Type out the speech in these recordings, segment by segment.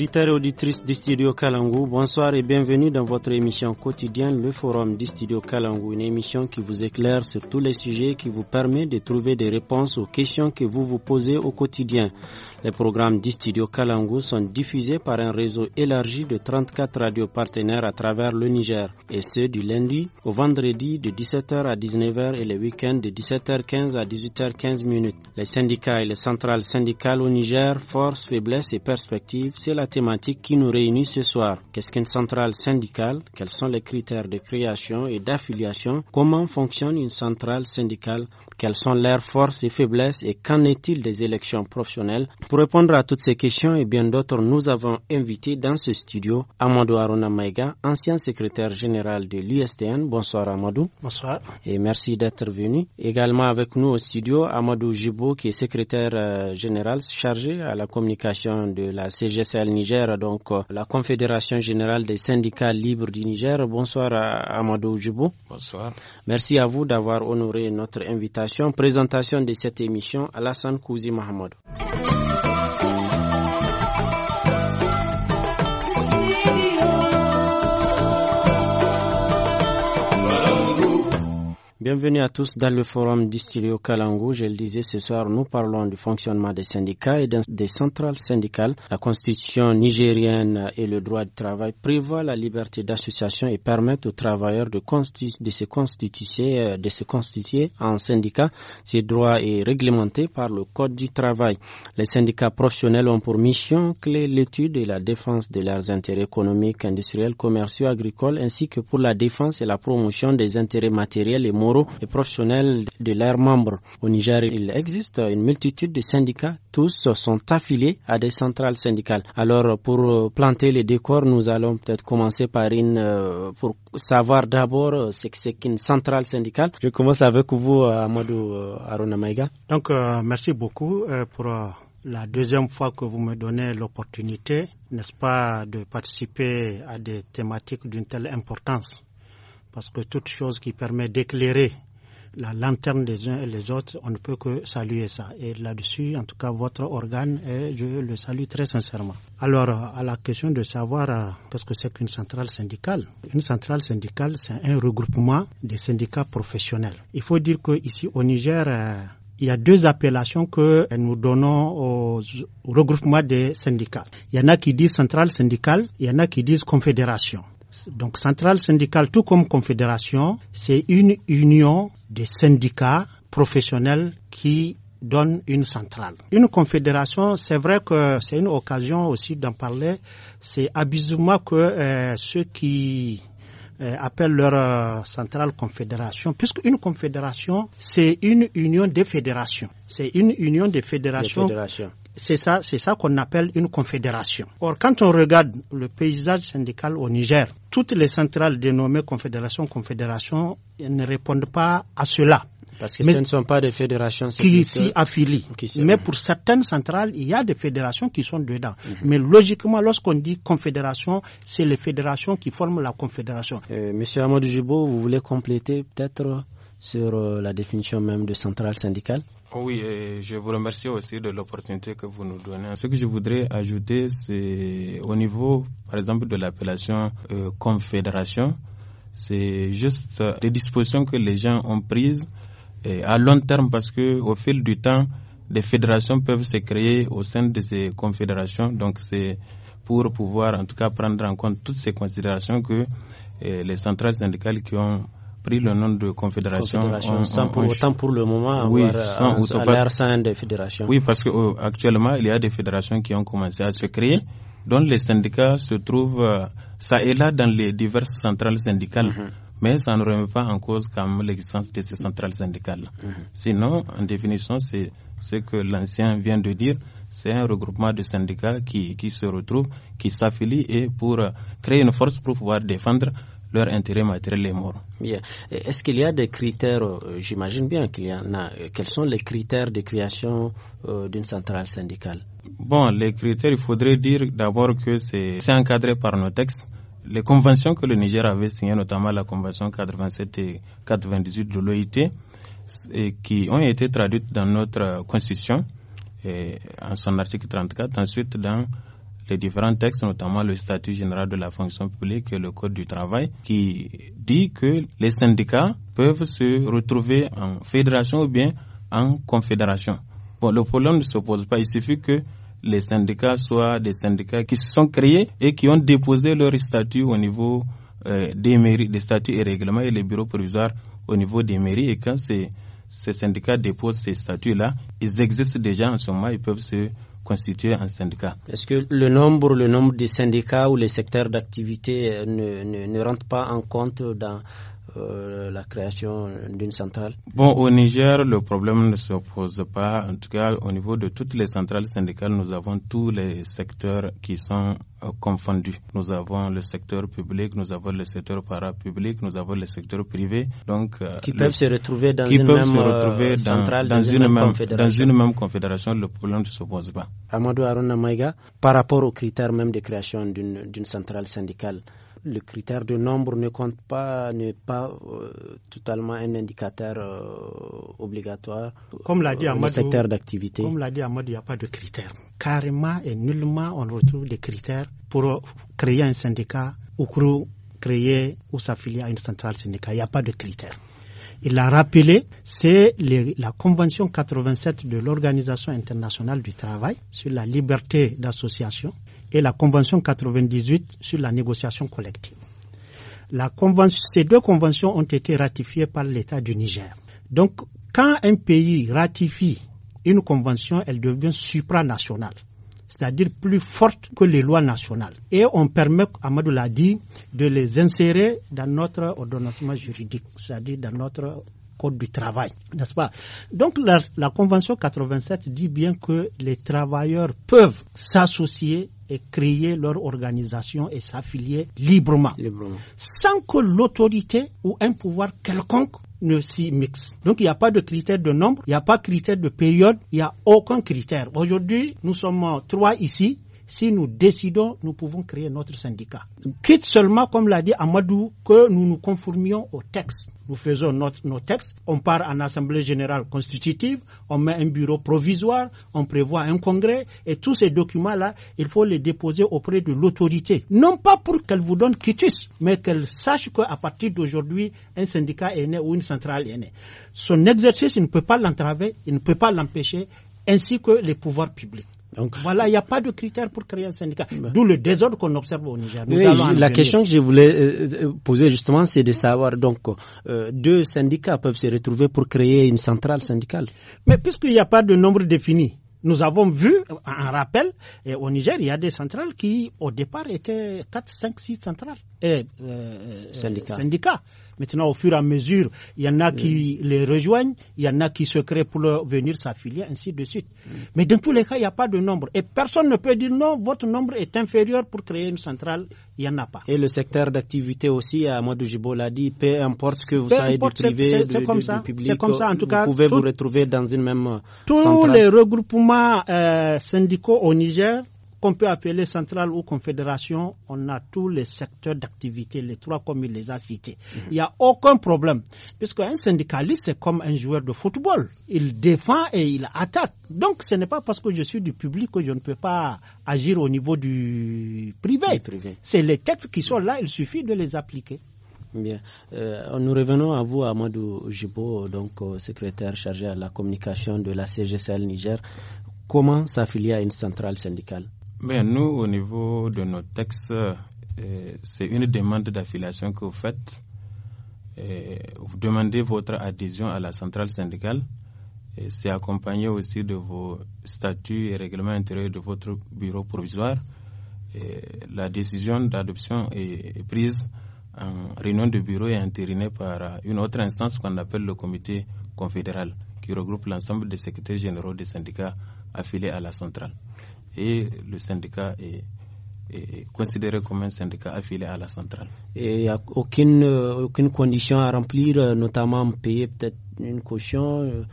auditeurs et auditrices du studio Kalangou, bonsoir et bienvenue dans votre émission quotidienne, le forum du studio une émission qui vous éclaire sur tous les sujets qui vous permet de trouver des réponses aux questions que vous vous posez au quotidien. Les programmes d'iStudio studio Kalangu sont diffusés par un réseau élargi de 34 radios partenaires à travers le Niger, et ce du lundi au vendredi de 17h à 19h et les week-ends de 17h15 à 18h15 minutes. Les syndicats et les centrales syndicales au Niger, force, faiblesse et perspectives, c'est la thématique qui nous réunit ce soir. Qu'est-ce qu'une centrale syndicale Quels sont les critères de création et d'affiliation Comment fonctionne une centrale syndicale Quelles sont leurs forces et faiblesses et qu'en est-il des élections professionnelles pour répondre à toutes ces questions et bien d'autres, nous avons invité dans ce studio Amadou Aruna Maïga, ancien secrétaire général de l'USTN. Bonsoir Amadou. Bonsoir. Et merci d'être venu. Également avec nous au studio, Amadou Jibo, qui est secrétaire euh, général chargé à la communication de la CGCL Niger, donc euh, la Confédération générale des syndicats libres du Niger. Bonsoir euh, Amadou Jibou. Bonsoir. Merci à vous d'avoir honoré notre invitation. Présentation de cette émission, Alassane Kouzi Mahamadou. Bienvenue à tous dans le forum au Kalangu. Je le disais ce soir, nous parlons du fonctionnement des syndicats et des centrales syndicales. La constitution nigérienne et le droit du travail prévoient la liberté d'association et permettent aux travailleurs de, se constituer, euh, de se constituer en syndicat. Ce droit est réglementé par le Code du travail. Les syndicats professionnels ont pour mission clé l'étude et la défense de leurs intérêts économiques, industriels, commerciaux, agricoles, ainsi que pour la défense et la promotion des intérêts matériels et moraux les et professionnels de leurs membres. Au Niger, il existe une multitude de syndicats, tous sont affiliés à des centrales syndicales. Alors pour planter les décors, nous allons peut-être commencer par une euh, pour savoir d'abord euh, ce que c'est qu'une centrale syndicale. Je commence avec vous, euh, Amadou Aruna Maiga. Donc merci beaucoup pour la deuxième fois que vous me donnez l'opportunité, n'est-ce pas, de participer à des thématiques d'une telle importance parce que toute chose qui permet d'éclairer la lanterne des uns et des autres, on ne peut que saluer ça. Et là-dessus, en tout cas, votre organe, je le salue très sincèrement. Alors, à la question de savoir euh, qu'est-ce que c'est qu'une centrale syndicale. Une centrale syndicale, c'est un regroupement des syndicats professionnels. Il faut dire qu'ici au Niger, euh, il y a deux appellations que nous donnons au regroupement des syndicats. Il y en a qui disent centrale syndicale, il y en a qui disent confédération. Donc centrale syndicale, tout comme confédération, c'est une union des syndicats professionnels qui donne une centrale. Une confédération, c'est vrai que c'est une occasion aussi d'en parler. C'est abusivement que euh, ceux qui euh, appellent leur euh, centrale confédération, puisque une confédération, c'est une union des fédérations. C'est une union des des fédérations c'est ça, c'est ça qu'on appelle une confédération. Or, quand on regarde le paysage syndical au Niger, toutes les centrales dénommées confédération, confédération ne répondent pas à cela. Parce que ce ne sont pas des fédérations qui s'y affilient. Mais pour certaines centrales, il y a des fédérations qui sont dedans. Mais logiquement, lorsqu'on dit confédération, c'est les fédérations qui forment la confédération. Euh, Monsieur Amadou Jibo, vous voulez compléter peut-être sur euh, la définition même de centrale syndicale oui, je vous remercie aussi de l'opportunité que vous nous donnez. Ce que je voudrais ajouter, c'est au niveau, par exemple, de l'appellation euh, confédération, c'est juste des dispositions que les gens ont prises à long terme parce que au fil du temps, des fédérations peuvent se créer au sein de ces confédérations. Donc c'est pour pouvoir en tout cas prendre en compte toutes ces considérations que euh, les centrales syndicales qui ont pris le nom de confédération. pour, autant pour le moment avoir sans, euh, des fédérations. Oui, parce qu'actuellement, euh, il y a des fédérations qui ont commencé à se créer, dont les syndicats se trouvent euh, ça et là dans les diverses centrales syndicales. Mhm. Mais ça ne remet pas en cause l'existence de ces centrales syndicales. Mhm. Sinon, en définition, c'est ce que l'ancien vient de dire c'est un regroupement de syndicats qui, qui se retrouvent, qui s'affilient et pour créer une force pour pouvoir défendre leur intérêt matériel est mort. Est-ce qu'il y a des critères, euh, j'imagine bien qu'il y en a, euh, quels sont les critères de création euh, d'une centrale syndicale Bon, les critères, il faudrait dire d'abord que c'est encadré par nos textes. Les conventions que le Niger avait signées, notamment la convention 87 et 98 de l'OIT, qui ont été traduites dans notre constitution, et en son article 34, ensuite dans les différents textes, notamment le statut général de la fonction publique et le code du travail, qui dit que les syndicats peuvent se retrouver en fédération ou bien en confédération. Bon, le problème ne se pose pas. Il suffit que les syndicats soient des syndicats qui se sont créés et qui ont déposé leur statut au niveau euh, des mairies, des statuts et règlements et les bureaux provisoires au niveau des mairies. Et quand ces, ces syndicats déposent ces statuts-là, ils existent déjà en ce moment, ils peuvent se constituer un syndicat. Est-ce que le nombre, le nombre des syndicats ou les secteurs d'activité euh, ne, ne, ne pas en compte dans, euh, la création d'une centrale Bon, au Niger, le problème ne se pose pas. En tout cas, au niveau de toutes les centrales syndicales, nous avons tous les secteurs qui sont euh, confondus. Nous avons le secteur public, nous avons le secteur parapublic, nous avons le secteur privé. Donc, euh, qui peuvent se retrouver dans une même centrale, dans, une, même, une même confédération, le problème ne se pose pas. Amadou Aruna Maïga, par rapport aux critères même de création d'une centrale syndicale, le critère de nombre ne compte pas, n'est pas euh, totalement un indicateur euh, obligatoire. Comme l'a euh, dit Amadou, secteur d'activité. Comme l'a dit Amadou, il n'y a pas de critère. Carrément et nullement, on retrouve des critères pour créer un syndicat ou créer ou s'affilier à une centrale syndicale. Il n'y a pas de critère. Il a rappelé, c'est la Convention 87 de l'Organisation internationale du travail sur la liberté d'association et la Convention 98 sur la négociation collective. ces deux conventions ont été ratifiées par l'État du Niger. Donc, quand un pays ratifie une convention, elle devient supranationale, c'est-à-dire plus forte que les lois nationales. Et on permet, Amadou l'a dit, de les insérer dans notre ordonnancement juridique, c'est-à-dire dans notre Code du travail, n'est-ce pas Donc la, Convention 87 dit bien que les travailleurs peuvent s'associer et créer leur organisation et s'affilier librement, librement, sans que l'autorité ou un pouvoir quelconque ne s'y mixe. Donc il n'y a pas de critère de nombre, il n'y a pas de critère de période, il n'y a aucun critère. Aujourd'hui, nous sommes trois ici, si nous décidons, nous pouvons créer notre syndicat. Quitte seulement, comme l'a dit Amadou, que nous nous conformions au texte. Nous faisons notre, nos textes, on part en assemblée générale constitutive, on met un bureau provisoire, on prévoit un congrès, et tous ces documents-là, il faut les déposer auprès de l'autorité. Non pas pour qu'elle vous donne quitus, mais qu'elle sache qu'à partir d'aujourd'hui, un syndicat est né ou une centrale est née. Son exercice, il ne peut pas l'entraver, il ne peut pas l'empêcher, ainsi que les pouvoirs publics voilà, il n'y a pas de critères pour créer un syndicat. Bah. D'où le désordre qu'on observe au Niger. la question que je voulais euh, euh, poser justement, c'est de savoir donc euh, deux syndicats peuvent se retrouver pour créer une centrale syndicale. Mais puisqu'il n'y a pas de nombre défini, nous avons vu, en rappel, au Niger, il y a des centrales qui, au départ, étaient quatre, cinq, six centrales. Eh, eh, eh, syndicats. Syndicat. Maintenant, au fur et à mesure, il y en a qui mm. les rejoignent, il y en a qui se créent pour venir s'affilier, ainsi de suite. Mm. Mais dans tous les cas, il n'y a pas de nombre. Et personne ne peut dire non, votre nombre est inférieur pour créer une centrale, il n'y en a pas. Et le secteur d'activité aussi, Amadou Jibo l'a dit, peu importe ce que vous soyez du privé, c'est, comme ça, en tout cas. Vous pouvez vous retrouver dans une même euh, Tous les regroupements euh, syndicaux au Niger qu'on peut appeler centrale ou confédération, on a tous les secteurs d'activité, les trois comme il les a cités. Mhm. Il n'y a aucun problème, puisque un syndicaliste, c'est comme un joueur de football. Il défend et il attaque. Donc, ce n'est pas parce que je suis du public que je ne peux pas agir au niveau du privé. privé. C'est les textes qui sont là, il suffit de les appliquer. Bien. Euh, nous revenons à vous, Amadou Jibo, donc euh, secrétaire chargé à la communication de la CGCL Niger. Comment s'affilier à une centrale syndicale mais ben, nous, au niveau de nos textes, euh, c'est une demande d'affiliation que vous faites. Euh, vous demandez votre adhésion à la centrale syndicale. c'est accompagné aussi de vos statuts et règlements intérieurs de votre bureau provisoire. la décision d'adoption est, prise en réunion de bureau et entérinée par une autre instance qu'on appelle le comité confédéral, qui regroupe l'ensemble des secrétaires généraux des syndicats affiliés à la centrale et le syndicat est, considéré comme un syndicat affilié à la centrale. Et il n'y a aucune, euh, aucune condition à remplir, euh, notamment payer peut-être une caution euh.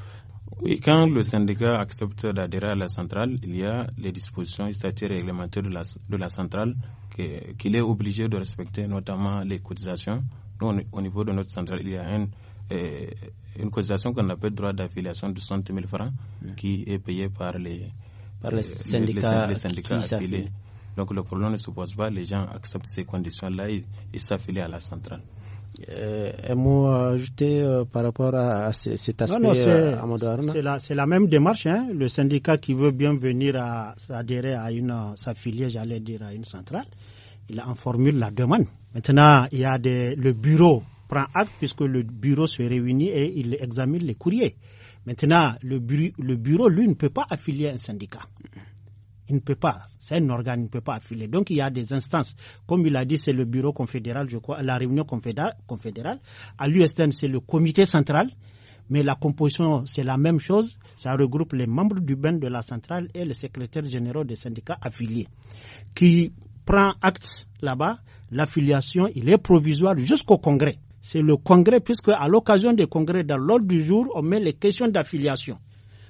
oui, quand le syndicat accepte d'adhérer à la centrale, il y a les dispositions statutaires et réglementaires de la, de la centrale qu'il est obligé de respecter, notamment les cotisations. au niveau de notre centrale, il y a une, cotisation qu'on appelle droit d'affiliation de 100 000 francs mm. qui est payée par les, par les euh, syndicats, Donc le problème ne se pose pas, les gens acceptent ces conditions-là et, s'affilent s'affilient à la centrale. Euh, un mot à ajouter euh, par rapport à, cet aspect non, non, C'est la, même démarche. Hein? Le syndicat qui veut bien venir s'adhérer à une, s'affilier, j'allais dire, à une centrale, il en formule la demande. Maintenant, il y a le bureau prend acte puisque le bureau se réunit et il examine les courriers. Maintenant, le, bureau, lui, ne peut pas affilier un syndicat. Il ne peut pas. C'est un organe, il ne peut pas affilier. Donc, il y a des instances. Comme il a dit, c'est le bureau confédéral, je crois, la réunion confédérale. À l'USN, c'est le comité central. Mais la composition, c'est la même chose. Ça regroupe les membres du BEN de la centrale et le secrétaire général des syndicats affiliés, qui prend acte là-bas. L'affiliation, il est provisoire jusqu'au congrès c'est le congrès, puisque à l'occasion des congrès, dans l'ordre du jour, on met les questions d'affiliation.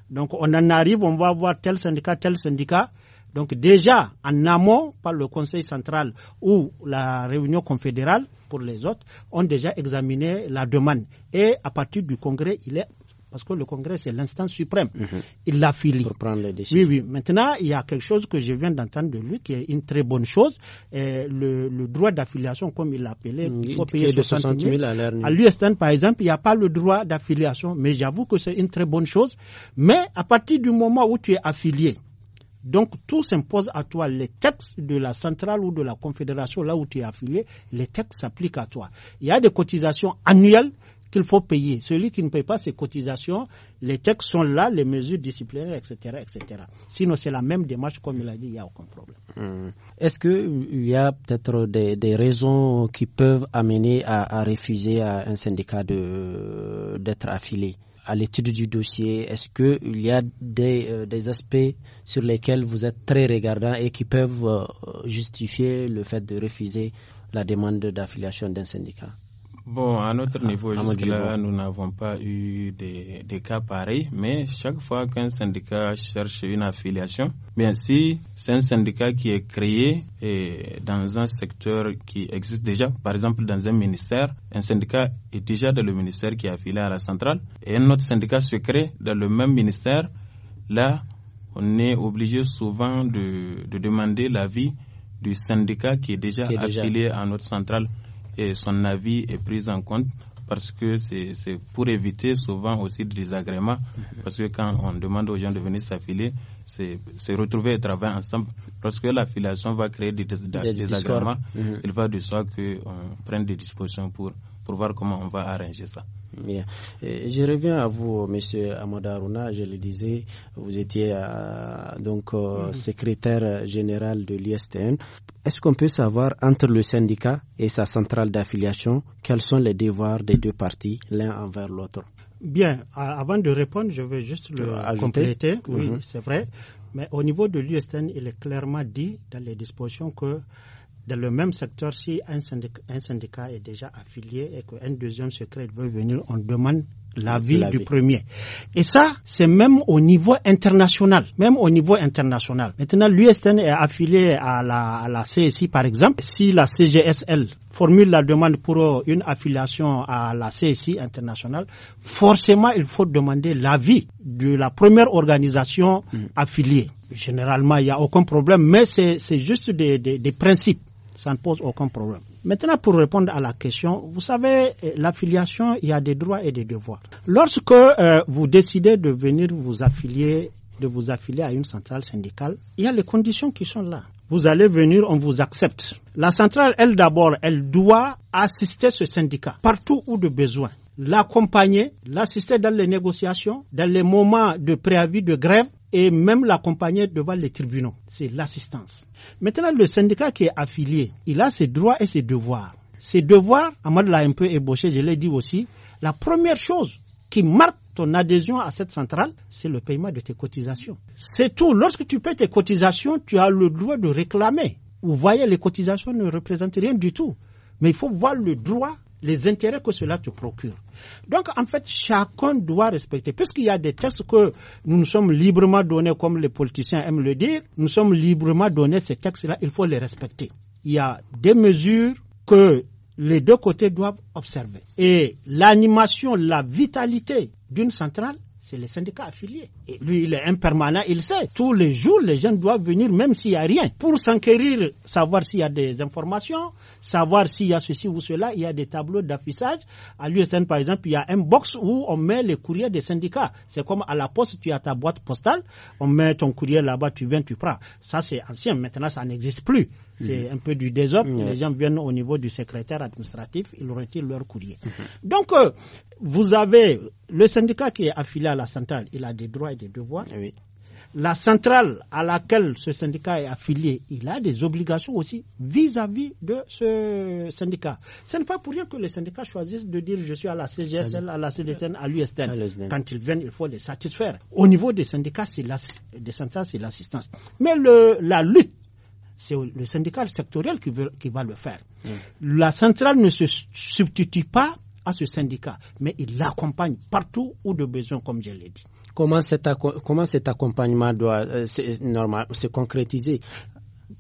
Donc on en arrive, on va voir tel syndicat, tel syndicat. Donc déjà, en amont, par le Conseil central ou la réunion confédérale, pour les autres, ont déjà examiné la demande. Et à partir du Congrès, il est parce que le Congrès, c'est l'instance suprême. Mhm. Il l'affilie. Pour prendre les décisions. Oui, oui. Maintenant, il y a quelque chose que je viens d'entendre de lui qui est une très bonne chose. le, droit d'affiliation, comme il l'appelait, il faut payer 60 000. à l'heure. À l'USN, par exemple, il n'y a pas le droit d'affiliation, mais j'avoue que c'est une très bonne chose. Mais à partir du moment où tu es affilié, donc tout s'impose à toi. Les textes de la centrale ou de la confédération, là où tu es affilié, les textes s'appliquent à toi. Il y a des cotisations annuelles qu'il faut payer. Celui qui ne paye pas ses cotisations, les textes sont là, les mesures disciplinaires, etc. etc. Sinon, c'est la même démarche, comme il a dit, il n'y a aucun problème. Hmm. Est-ce qu'il euh, y a peut-être des, raisons qui peuvent amener à, refuser à un syndicat euh, d'être affilié à l'étude du dossier Est-ce qu'il y a euh, des, aspects sur lesquels vous êtes très regardant et qui peuvent justifier le fait de refuser la demande d'affiliation d'un syndicat Bon, à notre ah, niveau, jusque-là, nous n'avons pas eu des, cas pareils, mais chaque fois qu'un syndicat cherche une affiliation, bien si c'est un syndicat qui est créé dans un secteur qui existe déjà, par exemple dans un ministère, un syndicat est déjà dans le ministère qui est affilié à la centrale, et un autre syndicat se crée dans le même ministère, là, on est obligé souvent de, demander l'avis du syndicat qui est déjà affilié à notre centrale et son avis est pris en compte parce que c'est pour éviter souvent aussi des désagréments Parce que quand on demande aux gens de venir s'affiler, c'est se retrouver et travailler ensemble. Lorsque l'affiliation va créer des, des, désagréments, mhm. il va de soi qu'on prenne des dispositions pour pour voir comment on va arranger ça. Bien. Je reviens à vous, Monsieur Amadarouna. Je le disais, vous étiez euh, donc euh, mhm. secrétaire général de l'ISTN. Est-ce qu'on peut savoir entre le syndicat et sa centrale d'affiliation quels sont les devoirs des deux parties, l'un envers l'autre Bien. Avant de répondre, je vais juste le euh, compléter. Oui, mhm. c'est vrai. Mais au niveau de l'ISTN, il est clairement dit dans les dispositions que dans le même secteur, si un syndicat, est déjà affilié et qu'un deuxième secret veut venir, on demande l'avis du premier. Et ça, c'est même au niveau international, même au niveau international. Maintenant, l'USN est affilié à la, CSI, par exemple. Si la CGSL formule la demande pour une affiliation à la CSI internationale, forcément, il faut demander l'avis de la première organisation mm. affiliée. Généralement, il n'y a aucun problème, mais c'est juste des principes. Ça ne pose aucun problème. Maintenant, pour répondre à la question, vous savez, euh, l'affiliation, il y a des droits et des devoirs. Lorsque euh, vous décidez de venir vous affilier, de vous affilier à une centrale syndicale, il y a les conditions qui sont là. Vous allez venir, on vous accepte. La centrale, elle d'abord, elle doit assister ce syndicat partout où de besoin l'accompagner, l'assister dans les négociations, dans les moments de préavis de grève et même l'accompagner devant les tribunaux. C'est l'assistance. Maintenant, le syndicat qui est affilié, il a ses droits et ses devoirs. Ses devoirs, Ahmad l'a un peu ébauché, je l'ai dit aussi, la première chose qui marque ton adhésion à cette centrale, c'est le paiement de tes cotisations. C'est tout. Lorsque tu paies tes cotisations, tu as le droit de réclamer. Vous voyez, les cotisations ne représentent rien du tout. Mais il faut voir le droit les intérêts que cela te procure. Donc, en fait, chacun doit respecter. Puisqu'il y a des textes que nous nous sommes librement donnés, comme les politiciens aiment le dire, nous sommes librement donnés ces textes-là, il faut les respecter. Il y a des mesures que les deux côtés doivent observer. Et l'animation, la vitalité d'une centrale c'est les syndicats affiliés. Et lui, il est impermanent, il sait. Tous les jours, les gens doivent venir, même s'il n'y a rien, pour s'enquérir, savoir s'il y a des informations, savoir s'il y a ceci ou cela. Il y a des tableaux d'affichage. À l'USN, par exemple, il y a un box où on met les courriers des syndicats. C'est comme à la poste, tu as ta boîte postale, on met ton courrier là-bas, tu viens, tu prends. Ça, c'est ancien. Maintenant, ça n'existe plus. C'est mhm. un peu du désordre. Les gens viennent au niveau du secrétaire administratif, ils retirent leur courrier. Mhm. Donc, euh, vous avez le syndicat qui est affilié à la centrale, il a des droits et des devoirs. La centrale à laquelle ce syndicat est affilié, il a des obligations aussi vis-à-vis de ce syndicat. Ce n'est pas pour rien que les syndicats choisissent de dire je suis à la CGSL, à la CDTN, à l'USTN. Quand ils viennent, il faut les satisfaire. Au niveau des syndicats, des centrales, c'est l'assistance. Mais la lutte c'est le syndicat sectoriel qui, va le faire. La centrale ne se substitue pas à ce syndicat, mais il l'accompagne partout où de besoin, comme je l'ai dit. Comment cet, accompagnement doit euh, se concrétiser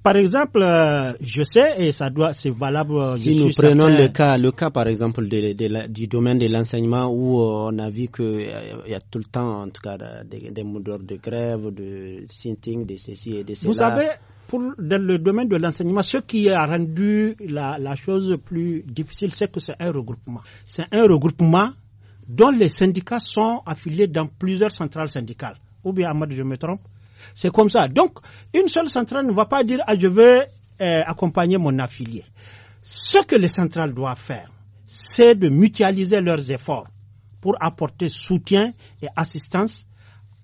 par exemple, euh, je sais, et ça doit, c'est valable. Euh, si nous prenons le cas, le cas par exemple du domaine de l'enseignement où euh, on a vu qu'il y, y, a tout le temps, en tout cas, des, des de grève, de sinting, de ceci et de cela. Vous savez, pour, dans le domaine de l'enseignement, ce qui a rendu la, la chose plus difficile, c'est que c'est un regroupement. C'est un regroupement dont les syndicats sont affiliés dans plusieurs centrales syndicales. Ou bien, Ahmad, je me trompe c'est comme ça. Donc, une seule centrale ne va pas dire ah, je veux euh, accompagner mon affilié. Ce que les centrales doivent faire, c'est de mutualiser leurs efforts pour apporter soutien et assistance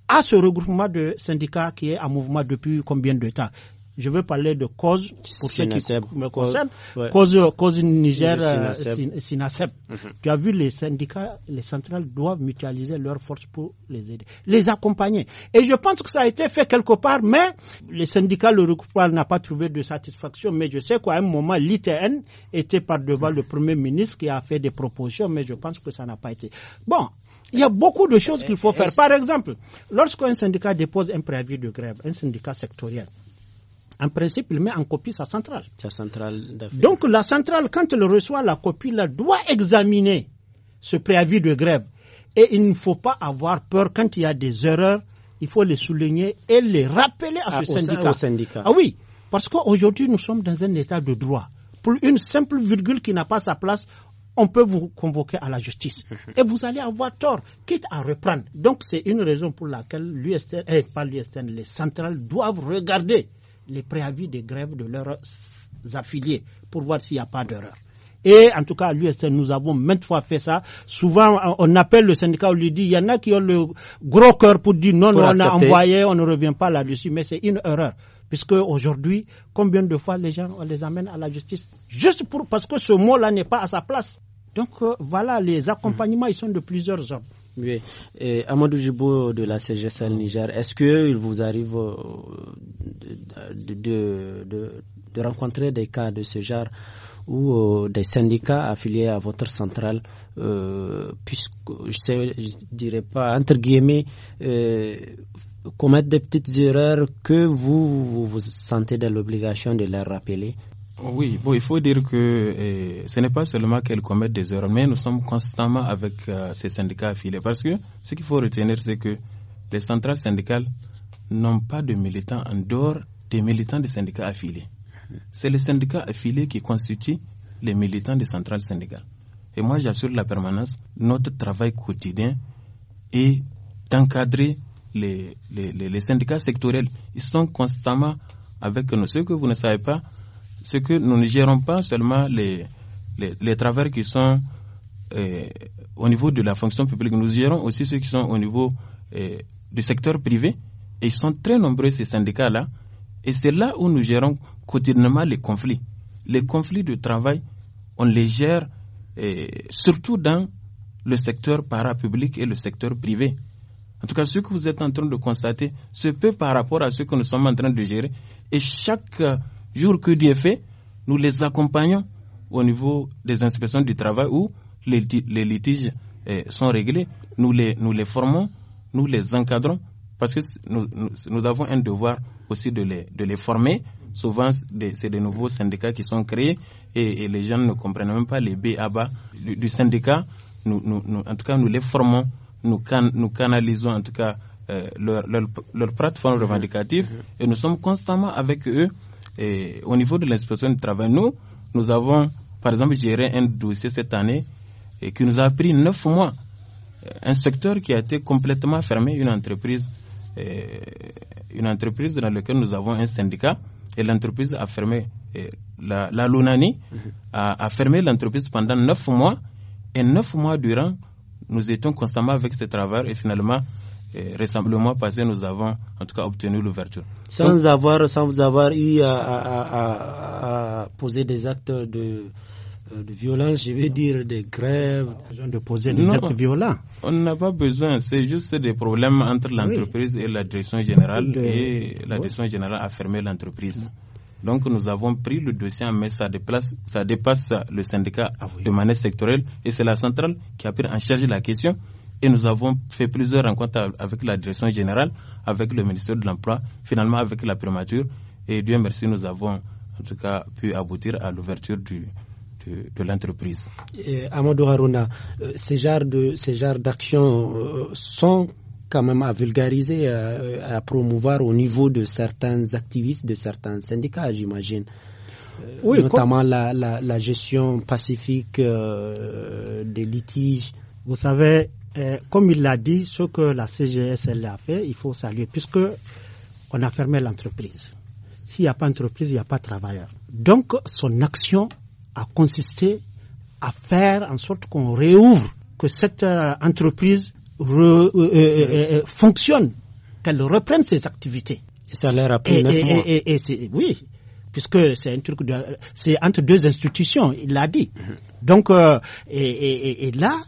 à ce regroupement de syndicats qui est en mouvement depuis combien de temps je veux parler de cause pour ce qui me concernent. Cause, cause Niger euh, Sinaceb. Mhm. Tu as vu les syndicats, les centrales doivent mutualiser leurs forces pour les aider, les accompagner. Et je pense que ça a été fait quelque part, mais les syndicats, le recoupement n'a pas trouvé de satisfaction. Mais je sais qu'à un moment, l'ITN était par devant le premier ministre qui a fait des propositions, mais je pense que ça n'a pas été. Bon, il y a beaucoup de choses qu'il faut faire. Par exemple, lorsqu'un syndicat dépose un préavis de grève, un syndicat sectoriel, en principe, il met en copie sa centrale. Donc la centrale, quand elle reçoit la copie, doit examiner ce préavis de grève. Et il ne faut pas avoir peur quand il y a des erreurs, il faut les souligner et les rappeler à, ah, au syndicat. Ah oui, parce qu'aujourd'hui, nous sommes dans un état de droit. Pour une simple virgule qui n'a pas sa place, on peut vous convoquer à la justice. Mhm. Et vous allez avoir tort, quitte à reprendre. Donc, c'est une raison pour laquelle eh, les centrales doivent regarder les préavis de grève de leurs affiliés pour voir s'il n'y a pas d'erreur. Et en tout cas, à l'USN, nous avons maintes fois fait ça. Souvent, on appelle le syndicat, on lui dit, il y en a qui ont le gros cœur pour dire non, non on a envoyé, on ne revient pas là-dessus, mais c'est une erreur. Puisque aujourd'hui, combien de fois les gens, on les amène à la justice juste pour, parce que ce mot-là n'est pas à sa place. Donc euh, voilà, les accompagnements, ils sont de plusieurs ordres. Oui. Amadou Jibou de la CGSL Niger, est-ce qu'il vous arrive euh, de, rencontrer des cas de ce genre où euh, des syndicats affiliés à votre centrale, euh, puisque je ne dirais pas, entre guillemets, euh, commettent des petites erreurs que vous vous, vous sentez dans l'obligation de les rappeler oui, bon, il faut dire que eh, ce n'est pas seulement qu'elles commettent des erreurs, mais nous sommes constamment avec euh, ces syndicats affiliés. Parce que ce qu'il faut retenir, c'est que les centrales syndicales n'ont pas de militants en dehors des militants des syndicats affiliés. C'est les syndicats affiliés qui constituent les militants des centrales syndicales. Et moi, j'assure la permanence, notre travail quotidien est d'encadrer les, syndicats sectoriels. Ils sont constamment avec nous. Ce que vous ne savez pas, c'est que nous ne gérons pas seulement les, les, travers qui sont eh, au niveau de la fonction publique, nous gérons aussi ceux qui sont au niveau eh, du secteur privé. Et ils sont très nombreux, ces syndicats-là. Et c'est là où nous gérons quotidiennement les conflits. Les conflits de travail, on les gère eh, surtout dans le secteur parapublic et le secteur privé. En tout cas, ce que vous êtes en train de constater, ce peu par rapport à ce que nous sommes en train de gérer. Et chaque jour que Dieu fait, nous les accompagnons au niveau des inspections du travail où les, litiges eh, sont réglés. Nous les, nous les formons, nous les encadrons parce que nous, avons un devoir aussi de les, former. Souvent, c'est de nouveaux syndicats qui sont créés et, les gens ne comprennent même pas les B à bas du, syndicat. Nous, en tout cas, nous les formons, nous, nous canalisons en tout cas euh, leur plateforme revendicative mm-hmm. et nous sommes constamment avec eux au niveau de l'inspection du travail, nous, nous avons, par exemple, géré un dossier cette année et qui nous a pris neuf mois. Euh, un secteur qui a été complètement fermé, une entreprise, euh, une entreprise dans laquelle nous avons un syndicat et l'entreprise a fermé. La, la Lunani mhm. a, a fermé l'entreprise pendant neuf mois et neuf mois durant, nous étions constamment avec ces travailleurs et finalement, récemment passé, nous avons en tout cas obtenu l'ouverture. Sans, avoir, sans avoir eu à, poser des actes de, euh, violence, je vais dire des grèves, de poser des actes violents. On n'a pas besoin, c'est juste des problèmes entre l'entreprise et la direction générale et la direction générale a fermé l'entreprise. Donc nous avons pris le dossier mais ça, déplace, ça dépasse le syndicat ah de manière sectorielle et c'est la centrale qui a pris en charge la question et nous avons fait plusieurs rencontres avec la direction générale, avec le ministère de l'Emploi, finalement avec la primature. Et Dieu merci, nous avons en tout cas pu aboutir à l'ouverture du, de, l'entreprise. Amadou Haruna, euh, ces genres d'actions euh, sont quand même à vulgariser, euh, à, promouvoir au niveau de certains activistes, de certains syndicats, j'imagine. Oui, notamment la, gestion pacifique des litiges. Vous savez, euh, comme il l'a dit, ce que la CGSL a fait, il faut saluer, puisque on a fermé l'entreprise. S'il n'y a pas d'entreprise, il n'y a pas de travailleur. Donc, son action a consisté à faire en sorte qu'on réouvre, que cette euh, entreprise re, euh, fonctionne, qu'elle reprenne ses activités. Et ça l'a rappelé oui, puisque c'est un truc c'est entre deux institutions, il l'a dit. Mhm. Donc et, là,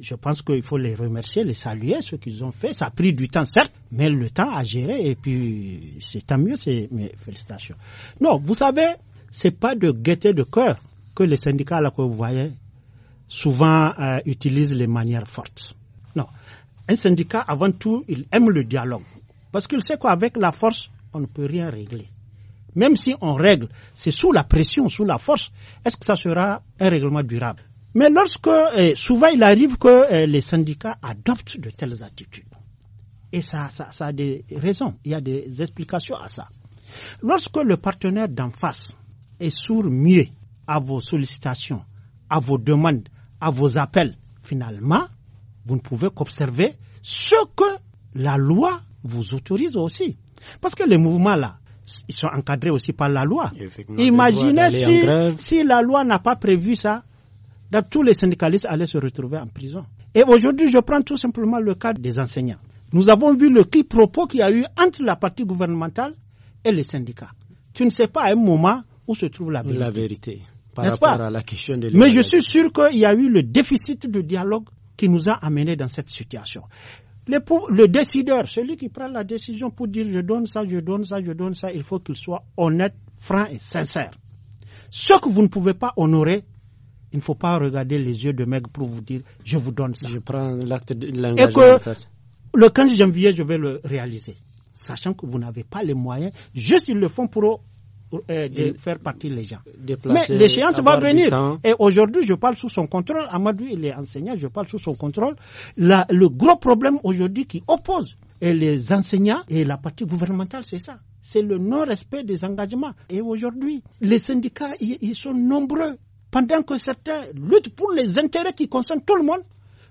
je pense qu'il faut les remercier, les saluer, ce qu'ils ont fait. Ça a pris du temps, certes, mais le temps à gérer, et puis c'est tant mieux, c'est mes félicitations. Non, vous savez, c'est pas de gaieté de cœur que les syndicats, là, que vous voyez, souvent euh, utilisent les manières fortes. Non. Un syndicat, avant tout, il aime le dialogue. Parce qu'il sait qu'avec la force, on ne peut rien régler. Même si on règle, c'est sous la pression, sous la force. Est-ce que ça sera un règlement durable mais lorsque, eh, souvent il arrive que eh, les syndicats adoptent de telles attitudes. Et ça, ça, a des raisons, il y a des explications à ça. Lorsque le partenaire d'en face est sourd mieux à vos sollicitations, à vos demandes, à vos appels, finalement, vous ne pouvez qu'observer ce que la loi vous autorise aussi. Parce que les mouvements là, ils sont encadrés aussi par la loi. Imaginez si, si la loi n'a pas prévu ça, tous les syndicalistes allaient se retrouver en prison. Et aujourd'hui, je prends tout simplement le cas des enseignants. Nous avons vu le qui propos qu'il y a eu entre la partie gouvernementale et les syndicats. Tu ne sais pas à un moment où se trouve la vérité. La vérité. pas Mais je suis sûr qu'il y a eu le déficit de dialogue qui nous a amenés dans cette situation. le décideur, celui qui prend la décision pour dire je donne ça, je donne ça, je donne ça, il faut qu'il soit honnête, franc et sincère. Ce que vous ne pouvez pas honorer, il ne faut pas regarder les yeux de maigre pour vous dire je vous donne ça. Je prends l'acte de Et que le 15 janvier, je vais le réaliser. Sachant que vous n'avez pas les moyens, juste ils le font pour euh, de faire partir les gens. Mais l'échéance va venir. Et aujourd'hui, je parle sous son contrôle. Amadou, il est enseignant, je parle sous son contrôle. La, le gros problème aujourd'hui qui oppose les enseignants et la partie gouvernementale, c'est ça. C'est le non-respect des engagements. Et aujourd'hui, les syndicats, ils sont nombreux pendant que certains luttent pour les intérêts qui concernent tout le monde,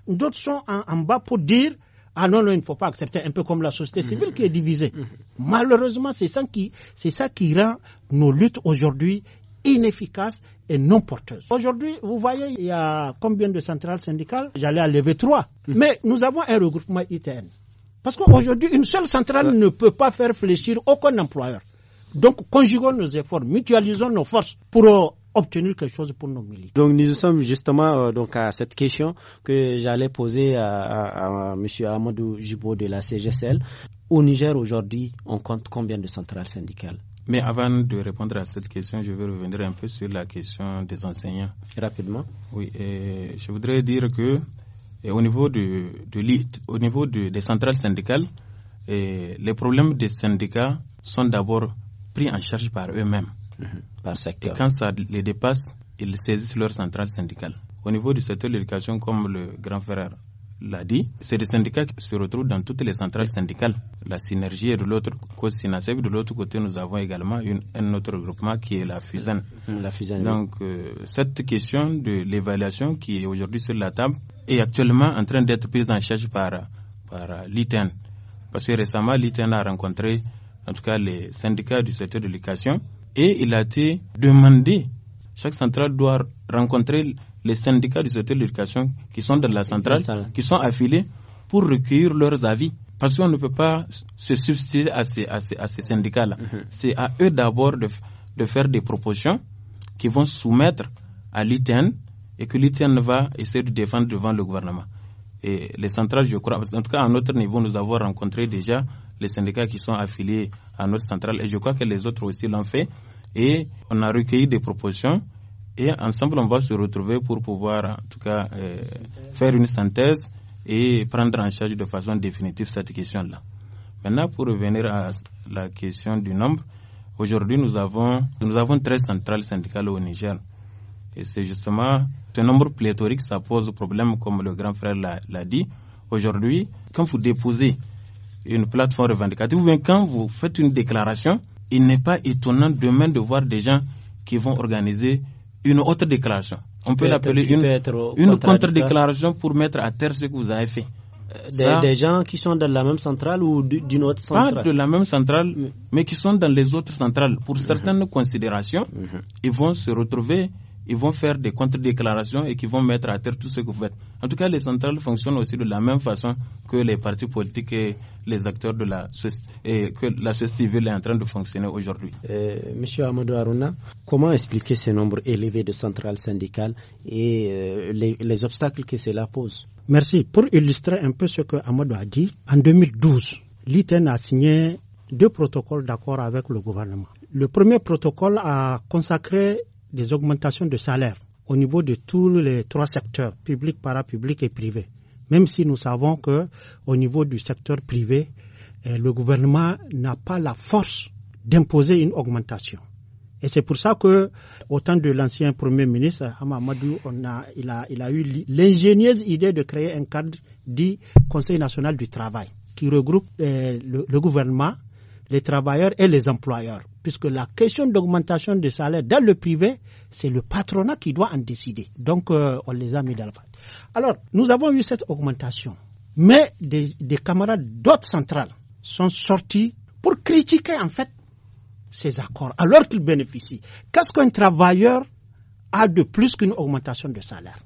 d'autres sont en, bas pour dire ah non, non, il ne faut pas accepter, un peu comme la société civile qui est divisée. Malheureusement, c'est ça, qui, c'est ça qui rend nos luttes aujourd'hui inefficaces et non porteuses. Aujourd'hui, vous voyez, il y a combien de centrales syndicales J'allais enlever trois. Mais nous avons un regroupement ITN. Parce qu'aujourd'hui, une seule centrale ne peut pas faire fléchir aucun employeur. Donc, conjuguons nos efforts, mutualisons nos forces pour euh, obtenir quelque chose pour nos militaires. Donc nous sommes justement euh, donc à cette question que j'allais poser à, Monsieur M. Amadou Jibo de la CGSL. Au Niger aujourd'hui, on compte combien de centrales syndicales Mais avant de répondre à cette question, je vais revenir un peu sur la question des enseignants. Rapidement. Oui, je voudrais dire que au niveau, de, de au niveau des centrales syndicales, et les problèmes des syndicats sont d'abord pris en charge par eux-mêmes. Mhm. Par secteur. Et quand ça les dépasse, ils saisissent leur centrale syndicale. Au niveau du secteur de l'éducation, comme le grand frère l'a dit, c'est des syndicats qui se retrouvent dans toutes les centrales syndicales. La synergie est de l'autre côté, de l'autre côté, nous avons également un autre groupement qui est la FUSAN. La Donc, euh, cette question de l'évaluation qui est aujourd'hui sur la table est actuellement en train d'être prise en charge par, par l'ITEN. Parce que récemment, l'ITEN a rencontré, en tout cas, les syndicats du secteur de l'éducation et il a été demandé. Chaque centrale doit rencontrer les syndicats du secteur de l'éducation qui sont dans la centrale, qui sont affiliés pour recueillir leurs avis. Parce qu'on ne peut pas se substituer à ces, syndicats-là. Mhm. C'est à eux d'abord de, faire des propositions qui vont soumettre à l'ITN et que l'ITN va essayer de défendre devant le gouvernement. Et les centrales, je crois, en tout cas, à notre niveau, nous avons rencontré déjà les syndicats qui sont affiliés à notre centrale et je crois que les autres aussi l'ont fait. Et on a recueilli des propositions et ensemble on va se retrouver pour pouvoir en tout cas euh, faire une synthèse et prendre en charge de façon définitive cette question-là. Maintenant, pour revenir à la question du nombre, aujourd'hui nous avons, nous avons 13 centrales syndicales au Niger. Et c'est justement ce nombre pléthorique, ça pose problème, comme le grand frère l'a dit. Aujourd'hui, quand vous déposez une plateforme revendicative, ou bien quand vous faites une déclaration, il n'est pas étonnant demain de voir des gens qui vont organiser une autre déclaration. On peut, l'appeler une, une contre-déclaration pour mettre à terre ce que vous avez fait. Euh, des, gens qui sont dans la même centrale ou d'une autre centrale Pas de la même centrale, mm. mais qui sont dans les autres centrales. Pour mm-hmm. certaines considérations, mm-hmm. ils vont se retrouver ils vont faire des contre-déclarations et qui vont mettre à terre tout ce que vous faites. En tout cas, les centrales fonctionnent aussi de la même façon que les partis politiques et les acteurs de la et que la société civile est en train de fonctionner aujourd'hui. Euh, Monsieur Amadou Aruna, comment expliquer ce nombre élevé de centrales syndicales et euh, les, obstacles que cela pose Merci. Pour illustrer un peu ce que Amadou a dit, en 2012, l'ITEN a signé deux protocoles d'accord avec le gouvernement. Le premier protocole a consacré des augmentations de salaire au niveau de tous les trois secteurs, public, parapublic et privé. Même si nous savons que au niveau du secteur privé, eh, le gouvernement n'a pas la force d'imposer une augmentation. Et c'est pour ça que, temps de l'ancien Premier ministre, Hamamadou, on a, il, a, il a eu l'ingénieuse idée de créer un cadre dit Conseil national du travail, qui regroupe eh, le, gouvernement, les travailleurs et les employeurs, puisque la question d'augmentation de salaire dans le privé, c'est le patronat qui doit en décider. Donc, euh, on les a mis dans la face. Alors, nous avons eu cette augmentation, mais des, des camarades d'autres centrales sont sortis pour critiquer, en fait, ces accords, alors qu'ils bénéficient. Qu'est-ce qu'un travailleur a de plus qu'une augmentation de salaire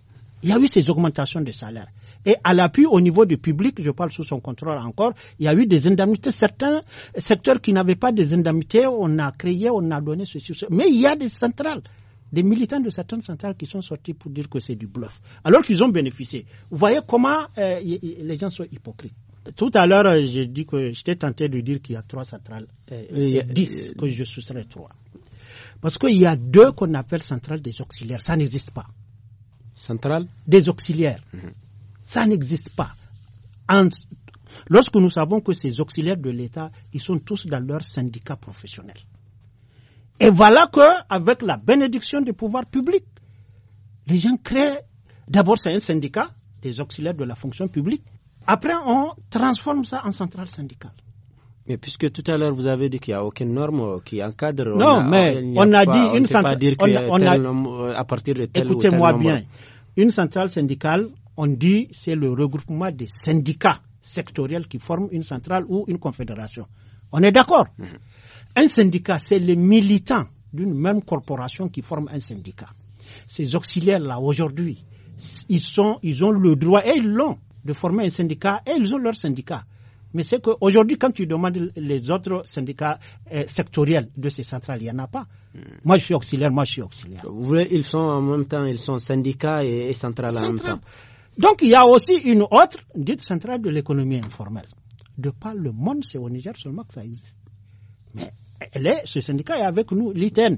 Il y a eu ces augmentations de salaire. Et à l'appui au niveau du public, je parle sous son contrôle encore, il y a eu des indemnités. Certains secteurs qui n'avaient pas des indemnités, on a créé, on a donné ceci. Ce. Mais il y a des centrales des militants de certaines centrales qui sont sortis pour dire que c'est du bluff, alors qu'ils ont bénéficié. Vous voyez comment euh, les gens sont hypocrites. Tout à l'heure, euh, j'ai dit que j'étais tenté de dire qu'il y a trois centrales, euh, dix, que je soustrais trois. Parce qu'il y a deux qu'on appelle centrales des auxiliaires, ça n'existe pas. Centrales Des auxiliaires. Mhm. Ça n'existe pas. lorsque nous savons que ces auxiliaires de l'État, ils sont tous dans leur syndicat professionnel. Et voilà que, avec la bénédiction du pouvoir public, les gens créent. D'abord, c'est un syndicat, des auxiliaires de la fonction publique. Après, on transforme ça en centrale syndicale. Mais puisque tout à l'heure vous avez dit qu'il n'y a aucune norme euh, qui encadre. Non, mais on, a, dit une centrale. On, euh, à partir de tel Écoutez-moi bien. Une centrale syndicale, on dit c'est le regroupement des syndicats sectoriels qui forment une centrale ou une confédération. On est d'accord mhm. Un syndicat, c'est les militants d'une même corporation qui forment un syndicat. Ces auxiliaires-là, aujourd'hui, ils, ont le droit, et ils l'ont, de former un syndicat, et ils ont leur syndicat. Mais c'est qu'aujourd'hui, quand tu demandes les autres syndicats euh, sectoriels de ces centrales, il n'y en a pas. Mhm. Moi, je suis auxiliaire, moi, je suis auxiliaire. Vous ils sont en même temps, ils sont syndicats et, et centrales en même temps. Donc il y a aussi une autre dite centrale de l'économie informelle. De par le monde, c'est au Niger seulement que ça existe. Mais elle ce syndicat est avec nous, l'ITN.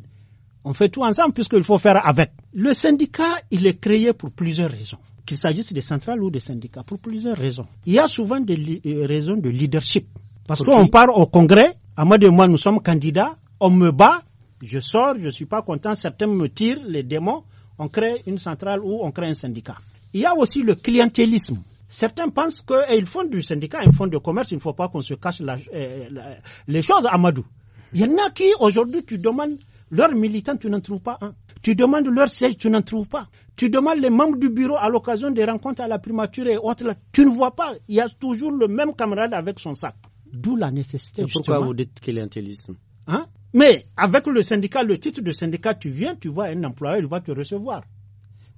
On fait tout ensemble puisqu'il faut faire avec. Le syndicat, il est créé pour plusieurs raisons. Qu'il s'agisse des centrales ou des syndicats, pour plusieurs raisons. Il y a souvent des euh, raisons de leadership. Parce qu'on part au congrès, à moi de moi, nous sommes candidats, on me bat, je sors, je ne suis pas content, certains me tirent, les démons, on crée une centrale ou on crée un syndicat. Il y a aussi le clientélisme. Certains pensent qu'ils eh, font du syndicat ils font du commerce, il ne faut pas qu'on se cache eh, les choses, Amadou. Il y en a qui, aujourd'hui, tu demandes leurs militants, tu n'en trouves pas un. Tu demandes leur siège, tu n'en trouves pas. Tu demandes les membres du bureau à l'occasion des rencontres à la primature et autres, tu ne vois pas. Il y a toujours le même camarade avec son sac. D'où la nécessité. C'est pourquoi vous dites clientélisme hein? Mais avec le syndicat, le titre de syndicat, tu viens, tu vois un employeur, il va te recevoir.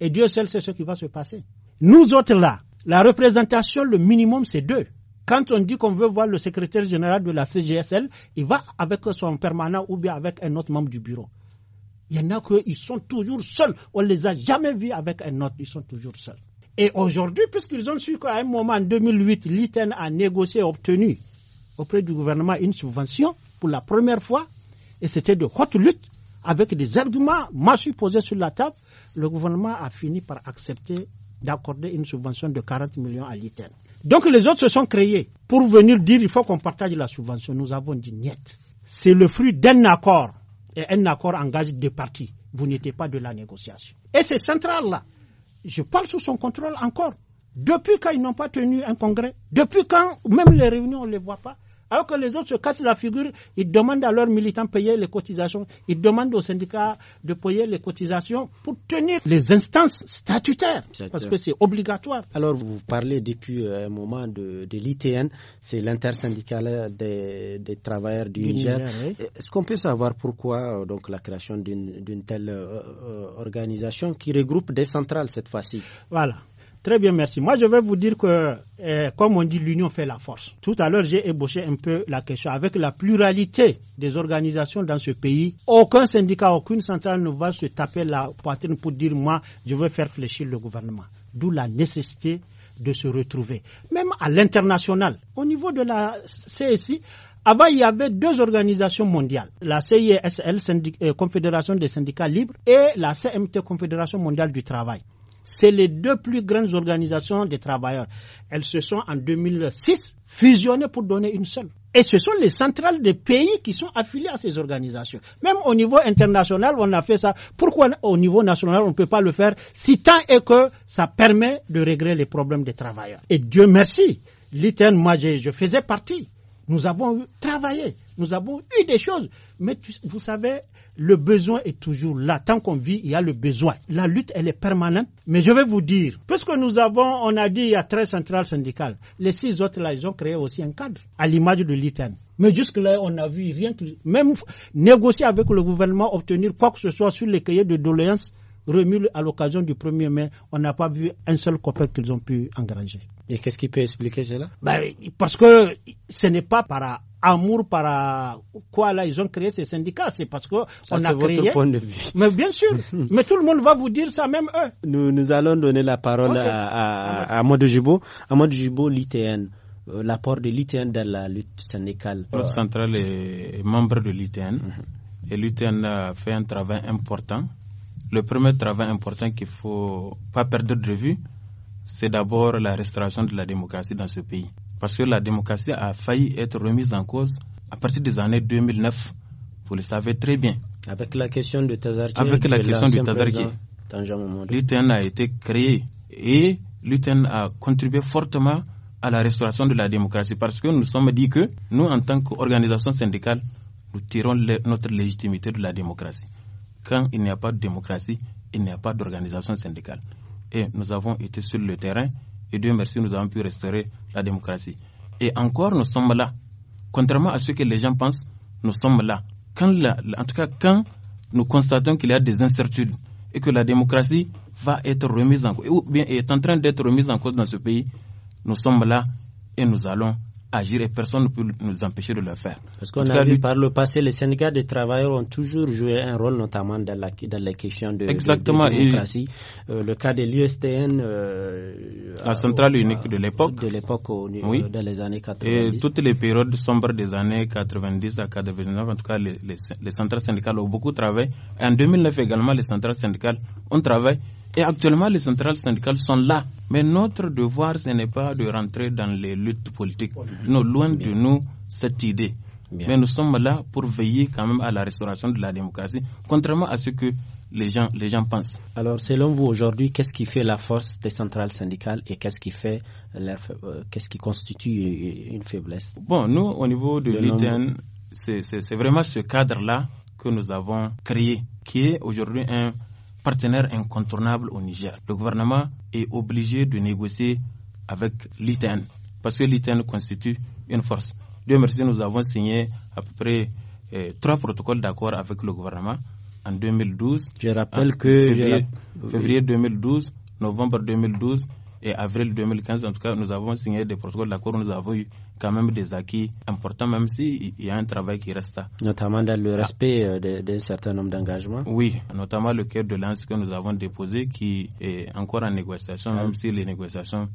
Et Dieu seul sait ce qui va se passer. Nous autres là, la représentation, le minimum, c'est deux. Quand on dit qu'on veut voir le secrétaire général de la CGSL, il va avec son permanent ou bien avec un autre membre du bureau. Il y en a qui sont toujours seuls. On les a jamais vus avec un autre. Ils sont toujours seuls. Et aujourd'hui, puisqu'ils ont su qu'à un moment, en 2008, l'ITEN a négocié obtenu auprès du gouvernement une subvention pour la première fois, et c'était de haute lutte, avec des arguments massus posés sur la table, le gouvernement a fini par accepter d'accorder une subvention de 40 millions à l'ITEN. Donc les autres se sont créés pour venir dire il faut qu'on partage la subvention. Nous avons dit niet. C'est le fruit d'un accord et un accord engage deux parties. Vous n'étiez pas de la négociation. Et ces central là je parle sous son contrôle encore. Depuis quand ils n'ont pas tenu un congrès, depuis quand même les réunions, on ne les voit pas, alors que les autres se cassent la figure, ils demandent à leurs militants de payer les cotisations, ils demandent aux syndicats de payer les cotisations pour tenir les instances statutaires, parce que c'est obligatoire. Alors vous parlez depuis euh, un moment de, l'ITN, c'est l'intersyndicale des, travailleurs du, Niger. Euh, est-ce qu'on peut savoir pourquoi euh, donc la création d'une telle organisation qui regroupe des centrales cette fois-ci Voilà. Très bien, merci. Moi, je vais vous dire que, eh, comme on dit, l'union fait la force. Tout à l'heure, j'ai ébauché un peu la question. Avec la pluralité des organisations dans ce pays, aucun syndicat, aucune centrale ne va se taper la poitrine pour dire, moi, je veux faire fléchir le gouvernement. D'où la nécessité de se retrouver. Même à l'international, au niveau de la CSI, avant, il y avait deux organisations mondiales, la CISL, euh, Confédération des syndicats libres, et la CMT, Confédération mondiale du travail. C'est les deux plus grandes organisations des travailleurs. Elles se sont en 2006 fusionnées pour donner une seule. Et ce sont les centrales des pays qui sont affiliées à ces organisations. Même au niveau international, on a fait ça. Pourquoi au niveau national, on ne peut pas le faire si tant est que ça permet de régler les problèmes des travailleurs Et Dieu merci, l'ITN, moi, je faisais partie. Nous avons travaillé, nous avons eu des choses. Mais vous savez, le besoin est toujours là. Tant qu'on vit, il y a le besoin. La lutte, elle est permanente. Mais je vais vous dire, puisque nous avons, on a dit, il y a 13 centrales syndicales. Les six autres, là, ils ont créé aussi un cadre, à l'image de l'ITEM. Mais jusque-là, on n'a vu rien que, même négocier avec le gouvernement, obtenir quoi que ce soit sur les cahiers de doléances remis à l'occasion du 1er mai, on n'a pas vu un seul copain qu'ils ont pu engranger. Et qu'est-ce qui peut expliquer cela bah, Parce que ce n'est pas par amour, par quoi là ils ont créé ces syndicats, c'est parce que a votre créé. Point de vue. Mais bien sûr, mais tout le monde va vous dire ça, même eux. Nous, allons donner la parole à, à, ah à Jibo. l'ITN euh, l'apport de l'ITN dans la lutte syndicale. Notre centrale est membre de l'ITN mhm. et l'ITN a fait un travail important. Le premier travail important qu'il faut pas perdre de vue, c'est d'abord la restauration de la démocratie dans ce pays. Parce que la démocratie a failli être remise en cause à partir des années 2009. Vous le savez très bien. Avec la question de Tazarki. Avec la question a été créé et l'UTN a contribué fortement à la restauration de la démocratie parce que nous sommes dit que nous, en tant qu'organisation syndicale, nous tirons notre légitimité de la démocratie. Quand il n'y a pas de démocratie, il n'y a pas d'organisation syndicale et nous avons été sur le terrain et Dieu merci, nous avons pu restaurer la démocratie. Et encore, nous sommes là. Contrairement à ce que les gens pensent, nous sommes là. Quand en tout cas, quand nous constatons qu'il y a des incertitudes et que la démocratie va être remise en cause, ou bien est en train d'être remise en cause dans ce pays, nous sommes là et nous allons agir et personne ne peut nous empêcher de le faire. Parce qu'on a vu par le passé, les syndicats de travailleurs ont toujours joué un rôle, notamment dans, la, dans les questions de, Exactement. démocratie. Euh, le cas de l'USTN. Euh, euh, la centrale unique de l'époque. De l'époque, oui. dans les années 90. Et toutes les périodes sombres des années 90 à 99, en tout cas, les, les centrales syndicales ont beaucoup travaillé. En 2009 également, les centrales syndicales ont travaillé. Et actuellement, les centrales syndicales sont là. Mais notre devoir, ce n'est pas de rentrer dans les luttes politiques. Non, loin de nous cette idée. Mais nous sommes là pour veiller quand même à la restauration de la démocratie, contrairement à ce que les gens, les gens pensent. Alors, selon vous, aujourd'hui, qu'est-ce qui fait la force des centrales syndicales et qu'est-ce qui fait, euh, qu'est-ce qui constitue une faiblesse Bon, nous, au niveau de l'ITN, c'est vraiment ce cadre-là que nous avons créé, qui est aujourd'hui un partenaire incontournable au Niger. Le gouvernement est obligé de négocier avec l'ITN parce que l'ITN constitue une force. Dieu merci, nous avons signé à peu près eh, trois protocoles d'accord avec le gouvernement en 2012. Je rappelle que février 2012, novembre 2012 et avril 2015, en tout cas, nous avons signé des protocoles d'accord. Nous avons eu quand même des acquis importants, même s'il y a un travail qui reste. Notamment dans le ah. respect euh, d'un certain nombre d'engagements Oui, notamment le cœur de lance que nous avons déposé qui est encore en négociation, ah. même si les négociations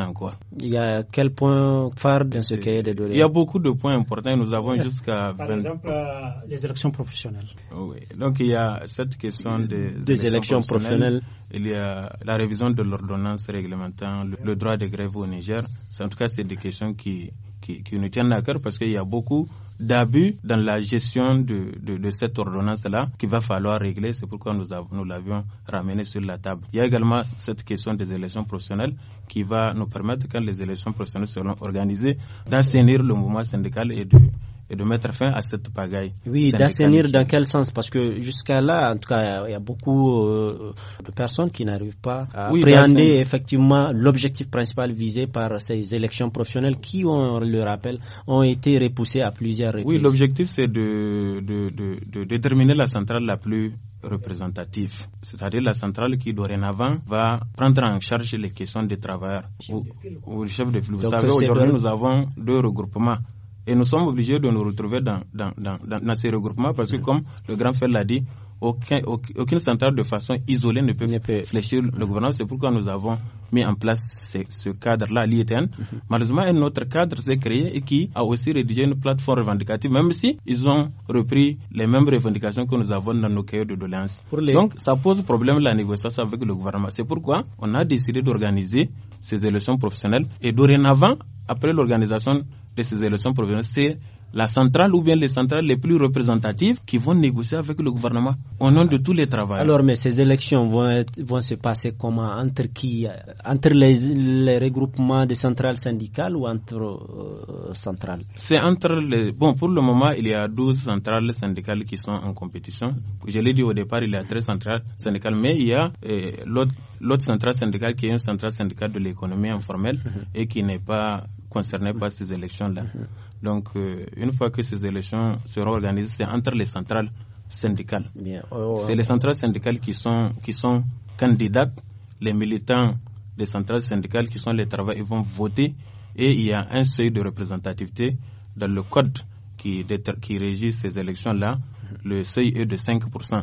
encore. Il y a quel point phare dans ce cahier de données Il y a beaucoup de points importants. Nous avons jusqu'à. Par exemple, euh, les élections professionnelles. Oh oui. Donc, il y a cette question des, élections, professionnelles. Il y a la révision de l'ordonnance réglementant le, droit de grève au Niger. En tout cas, c'est des questions qui, qui, nous tiennent à cœur parce qu'il y a beaucoup d'abus dans la gestion de, de, cette ordonnance-là qu'il va falloir régler. C'est pourquoi nous, nous l'avions ramené sur la table. Il y a également cette question des élections professionnelles qui va nous permettre, quand les élections professionnelles seront organisées, d'assainir le mouvement syndical et de et de mettre fin à cette pagaille. Oui, d'assainir dans quel sens Parce que jusqu'à là, en tout cas, il y a beaucoup euh, de personnes qui n'arrivent pas à ah oui, appréhender effectivement l'objectif principal visé par ces élections professionnelles qui, on le rappelle, ont été repoussées à plusieurs reprises. Oui, l'objectif c'est de, de, de, déterminer la centrale la plus représentative. c'est-à-dire la centrale qui dorénavant va prendre en charge les questions des travailleurs ou, le chef de file. Vous savez, aujourd'hui, nous avons deux regroupements et nous sommes obligés de nous retrouver dans, dans, dans, ces regroupements parce que, comme le grand frère l'a dit, aucun, aucune centrale de façon isolée ne peut, fléchir le gouvernement. C'est pourquoi nous avons mis en place ce, cadre-là l'IETN. Mhm. Malheureusement, un autre cadre s'est créé et qui a aussi rédigé une plateforme revendicative, même si ils ont repris les mêmes revendications que nous avons dans nos cahiers de doléances. Donc, ça pose problème la négociation avec le gouvernement. C'est pourquoi on a décidé d'organiser ces élections professionnelles et dorénavant, après l'organisation de ces élections provinciales, c'est la centrale ou bien les centrales les plus représentatives qui vont négocier avec le gouvernement au nom de tous les travailleurs. Alors, mais ces élections vont, vont se passer comment Entre qui Entre les, regroupements des centrales syndicales ou entre euh, centrales C'est entre les. Bon, pour le moment, il y a 12 centrales syndicales qui sont en compétition. Je l'ai dit au départ, il y a 13 centrales syndicales, mais il y a euh, l'autre centrale syndicale qui est une centrale syndicale de l'économie informelle mhm. et qui n'est pas concernés mmh. par ces élections-là. Mmh. Donc, euh, une fois que ces élections seront organisées, c'est entre les centrales syndicales. Oh, oh, c'est oh. les centrales syndicales qui sont, qui sont candidates, les militants des centrales syndicales qui sont les travailleurs vont voter et il y a un seuil de représentativité dans le code qui, qui régit ces élections-là. Mmh. Le seuil est de 5%.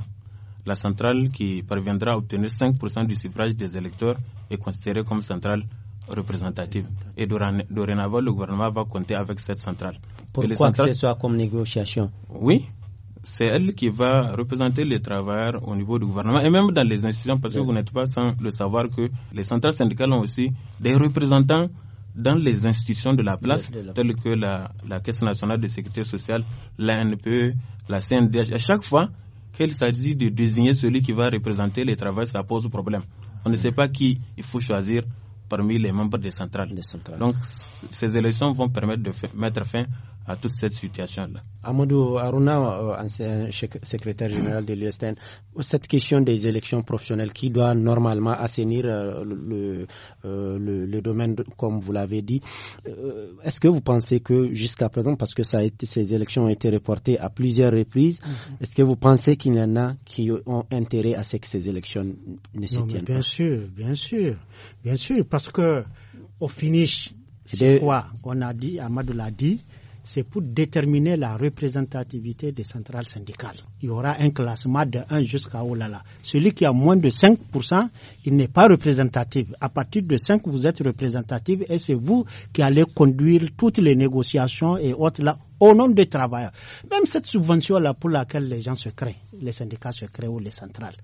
La centrale qui parviendra à obtenir 5% du suffrage des électeurs est considérée comme centrale représentative. Et dorénavant, le gouvernement va compter avec cette centrale. Pourquoi que ce soit comme négociation Oui, c'est elle qui va représenter les travailleurs au niveau du gouvernement et même dans les institutions, parce que vous n'êtes pas sans le savoir que les centrales syndicales ont aussi des représentants dans les institutions de la place, telles que la, la, Caisse nationale de sécurité sociale, l'ANPE, la e, CNDH. À chaque fois qu'il s'agit de désigner celui qui va représenter les travailleurs, ça pose problème. On ne sait pas qui il faut choisir parmi les membres des centrales. Donc, ces élections vont permettre de mettre fin à toute cette situation-là. Amadou Aruna, euh, ancien secrétaire général de l'USTN, cette question des élections professionnelles qui doit normalement assainir euh, euh, le, domaine, comme vous l'avez dit, est-ce que vous pensez que jusqu'à présent, parce que ça a été, ces élections ont été reportées à plusieurs reprises, mm-hmm. est-ce que vous pensez qu'il y en a qui ont intérêt à ce que ces élections ne se tiennent pas Bien sûr, bien sûr, bien sûr, parce que au finish, c'est quoi On a dit, Amadou l'a dit, c'est pour déterminer la représentativité des centrales syndicales. Il y aura un classement de 1 jusqu'à oh là Celui qui a moins de 5%, il n'est pas représentatif. À partir de 5, vous êtes représentatif et c'est vous qui allez conduire toutes les négociations et autres là au nom des travailleurs. Même cette subvention-là pour laquelle les gens se créent, les syndicats se créent ou les centrales.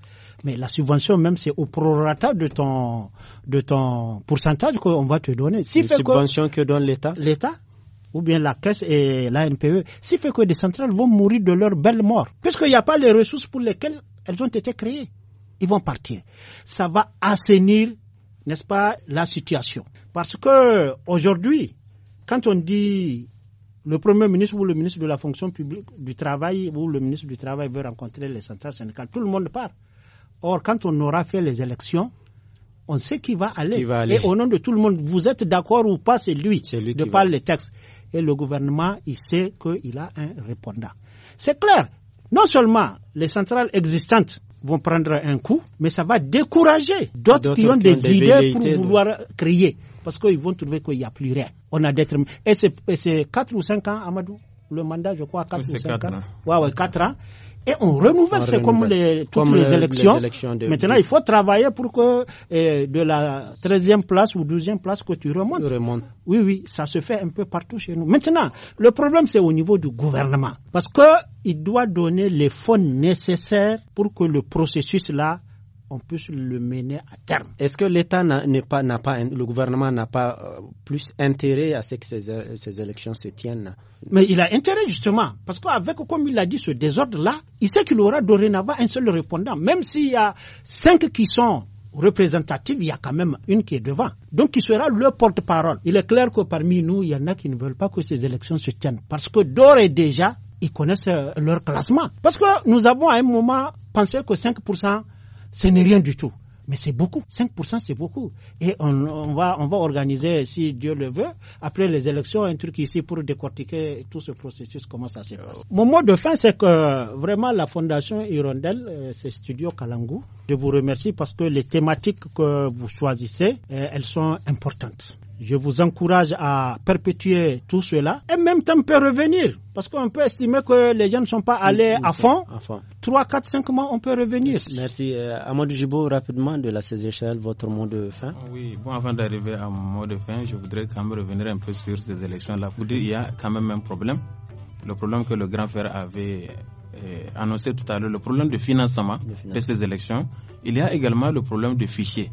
Mais la subvention même, c'est au prorata de ton, de ton pourcentage qu'on va te donner. c'est Une subvention que, que donne l'État L'État ou bien la caisse et la NPE, qui fait que des centrales vont mourir de leur belle mort, puisqu'il n'y a pas les ressources pour lesquelles elles ont été créées. Ils vont partir. Ça va assainir, n'est-ce pas, la situation. Parce que aujourd'hui, quand on dit le Premier ministre ou le ministre de la fonction publique du travail ou le ministre du travail veut rencontrer les centrales syndicales, tout le monde part. Or, quand on aura fait les élections, on sait qui va aller. Et au nom de tout le monde, vous êtes d'accord ou pas, c'est lui, qui de par les textes et le gouvernement, il sait qu'il a un répondant. C'est clair. Non seulement les centrales existantes vont prendre un coup, mais ça va décourager d'autres qui ont des, idées pour vouloir crier. créer. Parce qu'ils vont trouver qu'il n'y a plus rien. On a Et c'est 4 ou 5 ans, Amadou Le mandat, je crois, 4 ou 5 ans. 4 ans et on renouvelle. C'est comme les, toutes les élections. Maintenant, il faut travailler pour que eh, de la 13e place ou 12e place que tu remontes. Oui, oui, ça se fait un peu partout chez nous. Maintenant, le problème, c'est au niveau du gouvernement. Parce qu'il doit donner les fonds nécessaires pour que le processus-là on puisse le mener à terme. Est-ce que l'État n'est pas, n'a pas, le gouvernement n'a pas euh, plus intérêt à ce que ces, ces élections se tiennent Mais il a intérêt justement, parce qu'avec, comme il a dit, ce désordre-là, il sait qu'il aura dorénavant un seul répondant, même s'il y a cinq qui sont représentatives, il y a quand même une qui est devant. Donc, il sera le porte-parole. Il est clair que parmi nous, il y en a qui ne veulent pas que ces élections se tiennent parce que d'ores et déjà, ils connaissent euh, leur classement. Parce que nous avons à un moment pensé que 5% ce n'est rien du tout. Mais c'est beaucoup. 5%, c'est beaucoup. Et on, va, on va organiser, si Dieu le veut, après les élections, un truc ici pour décortiquer tout ce processus, comment ça se euh, passe. Mon mot de fin, c'est que euh, vraiment la Fondation Hirondelle, euh, c'est Studio Kalangu, Je vous remercie parce que les thématiques que vous choisissez, elles sont importantes je vous encourage à perpétuer tout cela et même temps peut revenir. Parce qu'on peut estimer que les gens ne sont pas allés à fond. Trois, quatre, 3, 4, 5 mois, on peut revenir. Merci. Euh, Amadou Jibo, rapidement de la échelle votre mot de fin. Ah oui, bon, avant d'arriver à mon mot de fin, je voudrais quand même revenir un peu sur ces élections-là. il y a quand même un problème. Le problème que le grand frère avait euh, annoncé tout à l'heure, le problème de financement, financement de ces élections. Il y a également le problème de fichiers.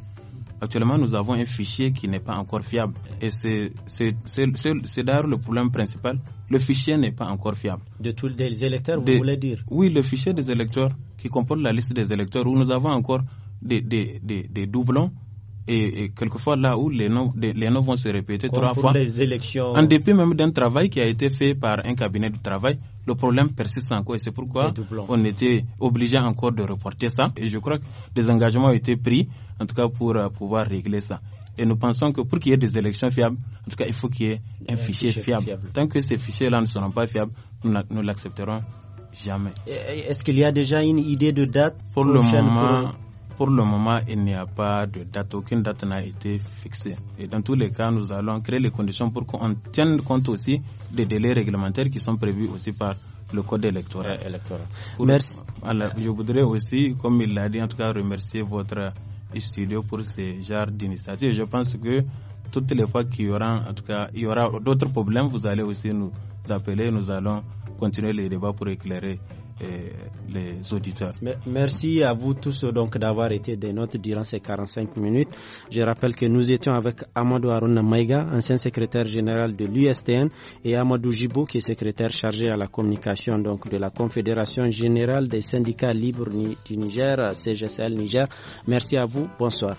Actuellement, nous avons un fichier qui n'est pas encore fiable. Et c'est d'ailleurs le problème principal. Le fichier n'est pas encore fiable. De tous les électeurs, vous voulez dire Oui, le fichier des électeurs qui comporte la liste des électeurs où nous avons encore des, des, des, doublons. Et, quelquefois là où les noms, les noms vont se répéter trois fois. élections. En dépit même d'un travail qui a été fait par un cabinet de travail, le problème persiste encore et c'est pourquoi on était obligé encore de reporter ça. Et je crois que des engagements ont été pris, en tout cas pour euh, pouvoir régler ça. Et nous pensons que pour qu'il y ait des élections fiables, en tout cas, il faut qu'il y ait un, fichier, fiable. Tant que ces fichiers-là ne seront pas fiables, nous ne l'accepterons jamais. Est-ce qu'il y a déjà une idée de date Pour le moment, pour le moment, il n'y a pas de date, aucune date n'a été fixée. Et dans tous les cas, nous allons créer les conditions pour qu'on tienne compte aussi des délais réglementaires qui sont prévus aussi par le code électoral. Euh, Merci. je voudrais aussi, comme il l'a dit, en tout cas, remercier votre studio pour ce genre d'initiative. Je pense que toutes les fois qu'il y aura, en tout cas, il y aura d'autres problèmes, vous allez aussi nous appeler. Nous allons continuer les débats pour éclairer et les auditeurs. Merci à vous tous donc d'avoir été des notes durant ces 45 minutes. Je rappelle que nous étions avec Amadou Harouna Maïga, ancien secrétaire général de l'USTN, et Amadou Jibou, qui est secrétaire chargé à la communication donc de la Confédération générale des syndicats libres du Niger, CGCL Niger. Merci à vous. Bonsoir.